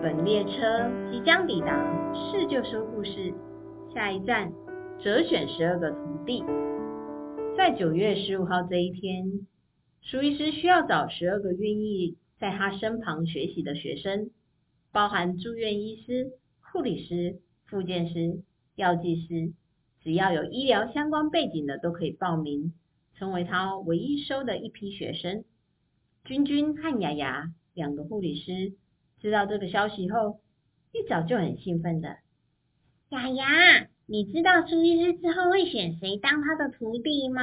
本列車即將抵達是就說故事。下一站，擇選十二個徒弟。在九月十五號這一天，蘇醫師需要找十二個願意在他身旁學習的學生，包含住院醫師、護理師、復健師、藥劑師，只要有醫療相關背景的都可以報名，成為他唯一收的一批學生。君君和雅雅兩個護理師，知道這個消息後，一早就很興奮的。雅雅，你知道蘇醫師之後會選誰當他的徒弟嗎？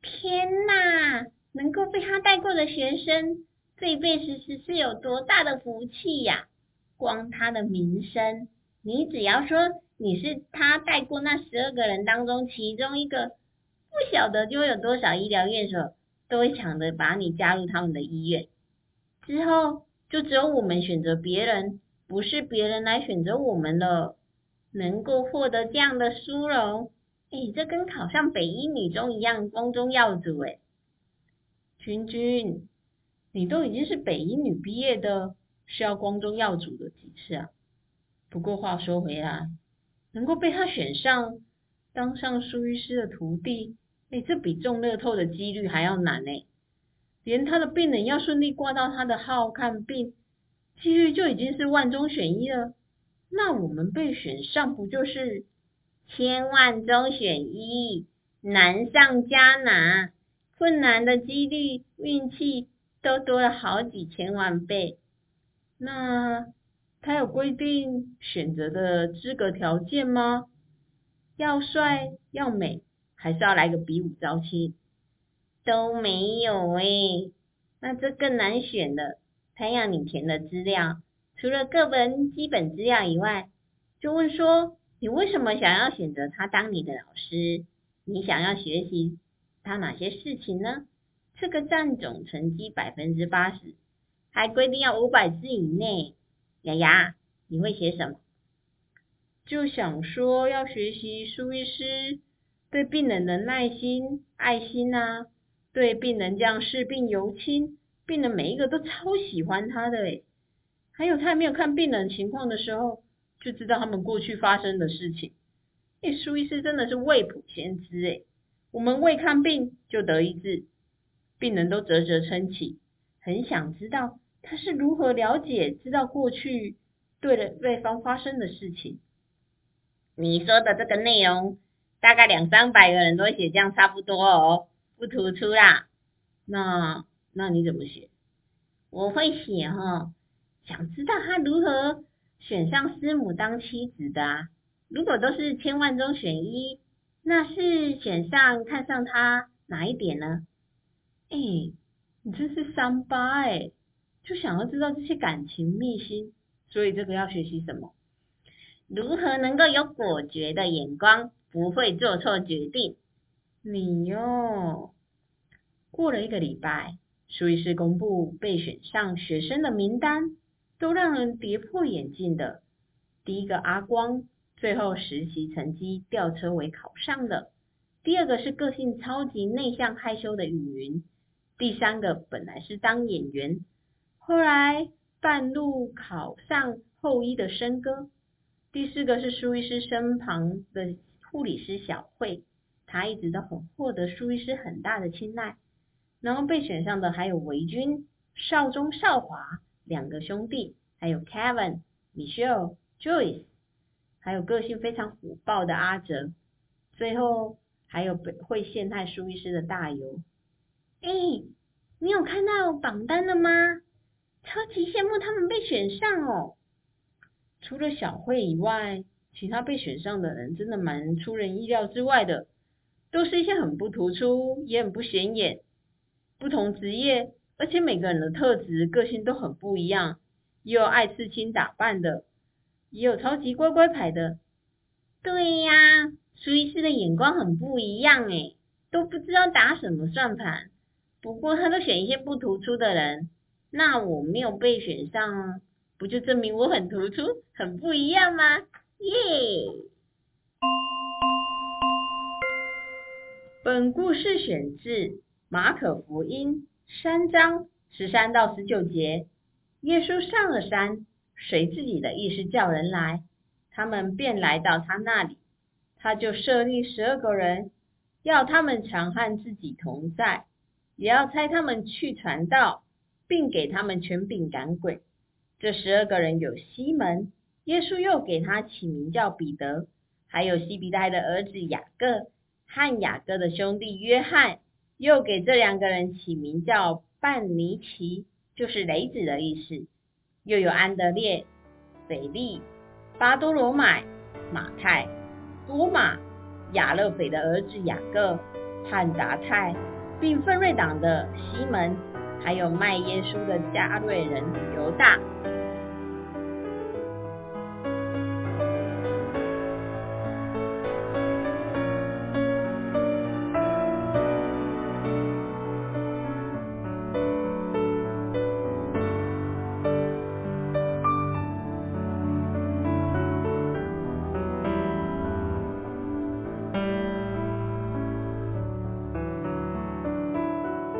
天吶，能夠被他帶過的學生，這一輩子是是有多大的福氣呀，啊！光他的名聲，你只要說你是他帶過那十二個人當中其中一個，不曉得就會有多少醫療院所都會搶着把你加入他們的醫院。之後。就只有我們選擇別人，不是別人來選擇我們的，能夠獲得這樣的殊榮。哎，這跟考上北一女中一樣光宗耀祖哎。君君，你都已經是北一女畢業的，需要光宗耀祖的幾次啊？不過話說回來，能夠被他選上，當上蘇醫師的徒弟，哎，這比中樂透的幾率還要難呢。連他的病人要順利掛到他的號看病，幾率就已經是萬中選一了。那我們被選上不就是千萬中選一，難上加難，困難的幾率、運氣都多了好幾千萬倍。那他有規定選擇的資格條件嗎？要帥要美，還是要來個比武招親？都沒有哎、欸，那這更難選了。他要你填的資料，除了個人基本資料以外，就問說你為什麼想要選擇他當你的老師？你想要學習他哪些事情呢？這個占總成績百分之八十，還規定要五百字以內。雅雅，你會寫什麼？就想說要學習蘇醫師對病人的耐心、愛心啊。對病人這樣視病如親，病人每一個都超喜歡他的誒。還有他還沒有看病人情況的時候，就知道他們過去發生的事情。誒，蘇醫師真的是未卜先知誒，我們未看病就得醫治，病人都嘖嘖稱奇，很想知道他是如何了解知道過去對的對方發生的事情。你說的這個內容，大概兩三百個人都會寫這樣差不多哦。不突出啦，那那你怎麼寫？我會寫哈、哦。想知道他如何選上師母當妻子的啊？如果都是千萬中選一，那是選上看上他哪一點呢？哎，你真是三八哎，就想要知道這些感情秘辛，所以這個要學習什麼？如何能夠有果決的眼光，不會做錯決定？你喲、哦，過了一個禮拜，蘇醫師公布被選上學生的名單，都讓人跌破眼鏡的。第一個阿光，最後實習成績吊車尾考上的；第二個是個性超級內向害羞的雨雲；第三個本來是當演員，後來半路考上後醫的深哥；第四個是蘇醫師身旁的護理師小慧。他一直都很獲得蘇醫師很大的青睞，然後被選上的還有維君、少忠、少華兩個兄弟，還有 Kevin、Michelle、Joyce，還有個性非常火爆的阿哲，最後還有被會陷害蘇醫師的大游。哎、欸，你有看到榜單了嗎？超級羨慕他們被選上哦！除了小慧以外，其他被選上的人真的蠻出人意料之外的。都是一些很不突出，也很不顯眼，不同職業，而且每個人的特質、個性都很不一樣。也有愛刺青打扮的，也有超級乖乖牌的。對呀、啊，蘇醫師的眼光很不一樣哎，都不知道打什麼算盤。不過他都選一些不突出的人，那我沒有被選上啊，不就證明我很突出、很不一樣嗎？耶、yeah!！本故事選自《馬可福音》三章十三到十九節。耶穌上了山，隨自己的意思叫人來，他們便來到他那裡。他就設立十二個人，要他們常和自己同在，也要差他們去傳道，並給他們權柄趕鬼。這十二個人有西門，耶穌又給他起名叫彼得；還有西庇太的兒子雅各。和雅各的兄弟約翰，又給這兩個人起名叫半尼其，就是雷子的意思。又有安德烈、腓力、巴多羅買、馬太、多馬、亞勒腓的兒子雅各、和達太，並奮銳黨的西門，還有賣耶穌的加略人猶大。